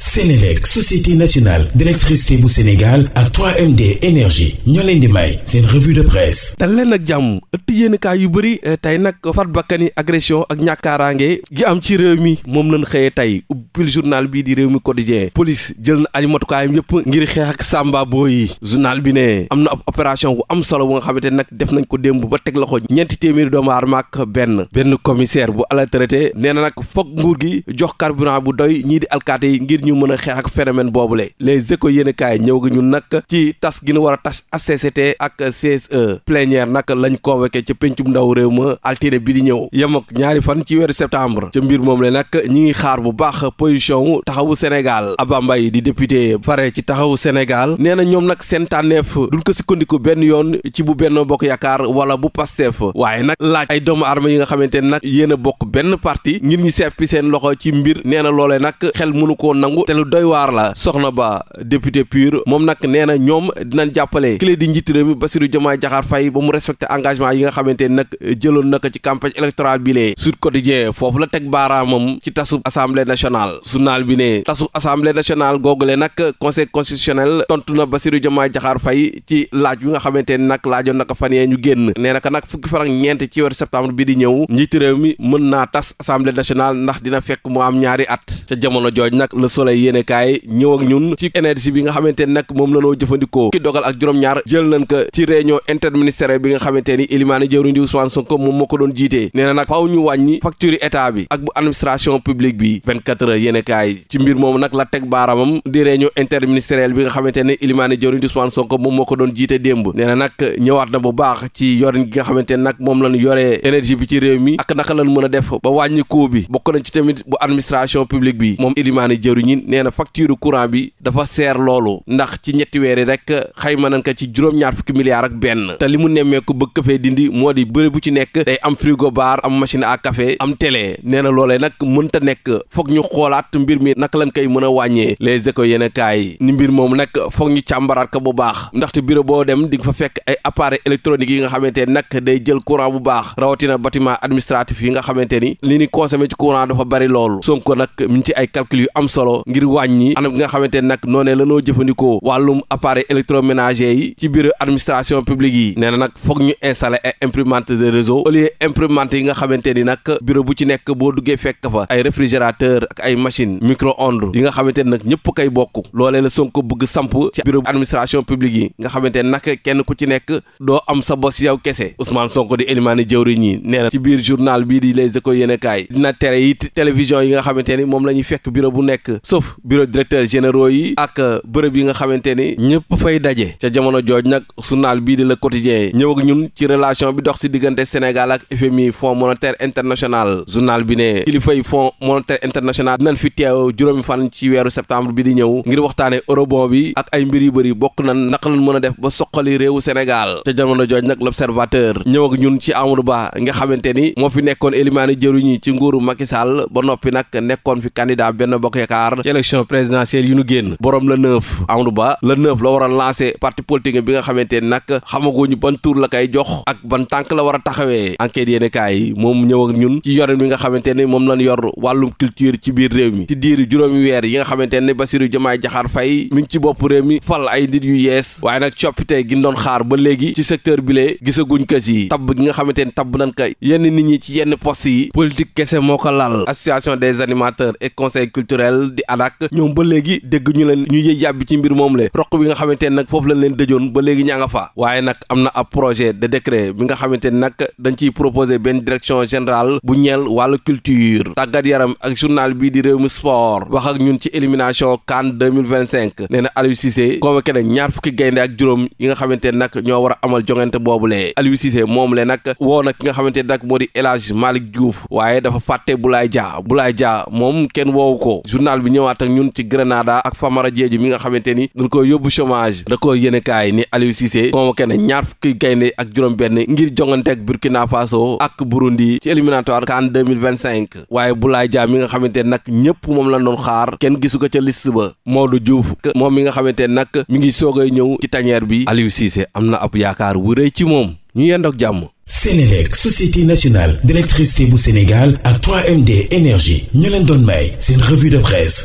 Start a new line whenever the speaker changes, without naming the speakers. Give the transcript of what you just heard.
Sénélec société nationale d'électricité bu Sénégal ak 3MD énergie ñoo leen di may seen revue de presse dal leen nag jàmm ëtt yéenekaay yu bëri eh, tey nag faat bakkani agression ak ñàkkaaraange gi am ci réew mi moom lañ xëyee tey ubbil journal bii di réew mi quotidien police jël na ay matukaayam yëpp ngir xeex ak sàmba boo yi journal bi ne am na ab opération bu am solo bu nga xamante nag def nañ ko démb ba teg loxo ñeenti téeméeri doomu aadama ak benn benn commissaire bu alal traité nee na nag foog nguur gi jox carburant bu doy ñii di alkaati ñu mën a xeex ak phénomène boobule les échos yéen kaay ñëw gi ñun nag ci tas gi ñu war a tas HCCT ak CSE plénière nag lañ convoqué ca pencum ndaw réew ma altine bi di ñëw yem ñaari fan ci weeru septembre ci mbir moom le nag ñi ngi xaar bu baax position wu taxawu Sénégal Abba Mbaye di député pare ci taxawu Sénégal nee na ñoom nag seen tànneef duñ ko sukkandiku benn yoon ci bu Benno Bokk Yaakaar wala bu Pastef waaye nag laaj ay doomu arme yi nga xamante nag yéen a bokk benn parti ngir ñu seppi seen loxo ci mbir nee na loolee nag mënu koo nangu nangu te lu doy waar la soxna ba député pur moom nag nee na ñoom dinañ jàppale clé di njiit réew mi Bassirou Diomaye Diakhar Faye ba mu respecté engagement yi nga xamante nag jëloon na ko ci campagne électorale bi lee Sud Quotidien foofu la teg baaraamam ci tasub assemblée nationale journal bi ne tasub assemblée nationale googule nag conseil constitutionnel tontu na Bassirou Diomaye Diakhar Faye ci laaj bi nga xamante nag laajoon na ko fan yee ñu génn nee na ko nag fukki fan ak ñeent bi di ñëw njiit réew mi mën soleil yéene kaay ñëw ak ñun ci nag moom la noo jëfandikoo ki dogal ak juróom-ñaar jël nañ ko ci réunion bi nga xamante ni ilimaani jëwriñ di Ousmane Sonko moom moo ko doon jiitee nee na nag faaw ñu wàññi facture état bi ak bu administration bi 24 heures yéene kaay ci mbir moomu nag la teg baaramam di réunion interministérielle bi nga xamante ni ilimaani jëwriñ di Ousmane Sonko moom moo ko doon jiite démb nee na nag ñëwaat na bu baax ci yorin gi nga xamante ni nag moom lañ yore énergie bi ci réew mi ak naka lañ a def ba wàññi coût bi bokk nañ ci tamit bu administration publique bi moom ilimaani jëwriñ ni nee na facture courant bi dafa seer loolu ndax ci ñetti weer yi rek xayma nañ ko ci juróom-ñaar fukki milliards ak benn te li mu nemmeeku bëgg ko fee dindi moo di bëri bu ci nekk day am frigo bar am machine à kafe am tele nee na loolee nag mënta nekk foog ñu xoolaat mbir mi nak lañ koy mën a wàññee les éco yeneen kaay ni mbir moom nag foog ñu càmbaraat ko bu baax ndaxte bureau boo dem di nga fa fekk ay appareil électronique yi nga xamante ne nag day jël courant bu baax rawatina bâtiment administratif yi nga xamante ni li ni consommé ci courant dafa bari loolu Sonko nag mi ay calcul yu am solo ko ngir wàññi anam bi nga xamante nag noonee lanoo jëfandikoo wàllum appareil électroménager yi ci biir administration publique yi nee na nag foog ñu installer ay imprimante de réseau au lieu imprimante yi nga xamante ni nag bureau bu ci nekk boo duggee fekk fa ay réfrigérateur ak ay machine micro yi nga xamante ni nag ñëpp kay bokk loolee la Sonko bëgg samp ci bureau administration publique yi nga xamante nag kenn ku ci nekk doo am sa bos yow kese Ousmane Sonko di élimaani jëwriñ yi nee na ci biir journal bii di Les Échos yéenekaay dina tere it télévision yi nga xamante ni moom la ñuy fekk bureau bu nekk sof bureau directeur généraux yi ak euh, bërëb yi nga xamante ni ñëpp fay daje ca jamono jooj nag journal bii di Le Quotidien ñëw ñun ci relation bi dox si diggante Sénégal ak FMI Fonds monétaire international journal bi ne kilifay Fonds monétaire international dinañ fi teew juróomi fan ci weeru septembre bi di ñëw ngir waxtaane eurobond bi ak ay mbir yu bëri bokk nan naka lañ mën a def ba soqali réewu Sénégal ca jamono jooj nag L'Observateur ñëw ñun ci Amadou Ba nga xamante ni moo fi nekkoon éliment jëruñi ci nguuru Macky Sall ba noppi nag nekkoon fi candidat Benno Bokk na ci élection présidentielle yu nu génn borom la neuf Amadou Ba la neuf la war a lancé parti politique bi nga xamante nag xamaguñu ban tour la koy jox ak ban tànk la war a taxawee enquête yéen kaay moom ñëw ñun ci yorin bi nga xamante ne moom lañ yor wàllum culture ci biir réew mi ci diiru juróomi weer yi nga xamante ne Bassirou Diomaye Diakhar Faye mi ngi ci bopp réew mi fal ay nit yu yees waaye nag coppite gi doon xaar ba léegi ci secteur bi lee gisaguñ ko si tabb gi nga xamante ne tabb nañ ko yenn nit ñi ci yenn poste yi politique kese moo alak ñoom ba léegi dégg ñu leen ñu yëy yàbbi ci mbir moom le roq bi nga xamante ne nag foofu lañ leen dëjoon ba léegi ñaa nga fa waaye nag am na ab projet de décret bi nga xamante ne nag dañ ciy proposé benn direction générale bu ñeel wàllu culture tàggat yaram ak journal bii di réew mi sport wax ak ñun ci élimination CAN 2025 nee na Aliou Cissé convoqué ñaar fukki gaynde ak juróom yi nga xamante ne nag ñoo war a amal jongante boobu lee Cissé moom le nag woo nag ki nga xamante ne nag moo di El Hadj Malick waaye dafa fàtte Boulaye Dia Boulaye Dia moom kenn woowu ko ñëwaat ak ñun ci Grenada ak Famara Diédhiou mi nga xamante ni dañ koy yóbbu chômage da koo yéene kaay ni Aliou Cissé convoqué na ñaar fukki gaynde ak juróom-benn ngir jongante ak Burkina Faso ak Burundi ci éliminatoire CAN 2025 waaye Boulaye Dia mi nga xamante nag ñëpp moom la doon xaar kenn gisu ko ca liste ba Modou Diouf moom mi nga xamante nag mi ngi soogay ñëw ci tanière bi am na ab yaakaar wu rëy ci moom ñu yendoog jàmm Sénélec société nationale d'électricité bu Sénégal ak 3MD énergie ñu leen doon may seen revue de presse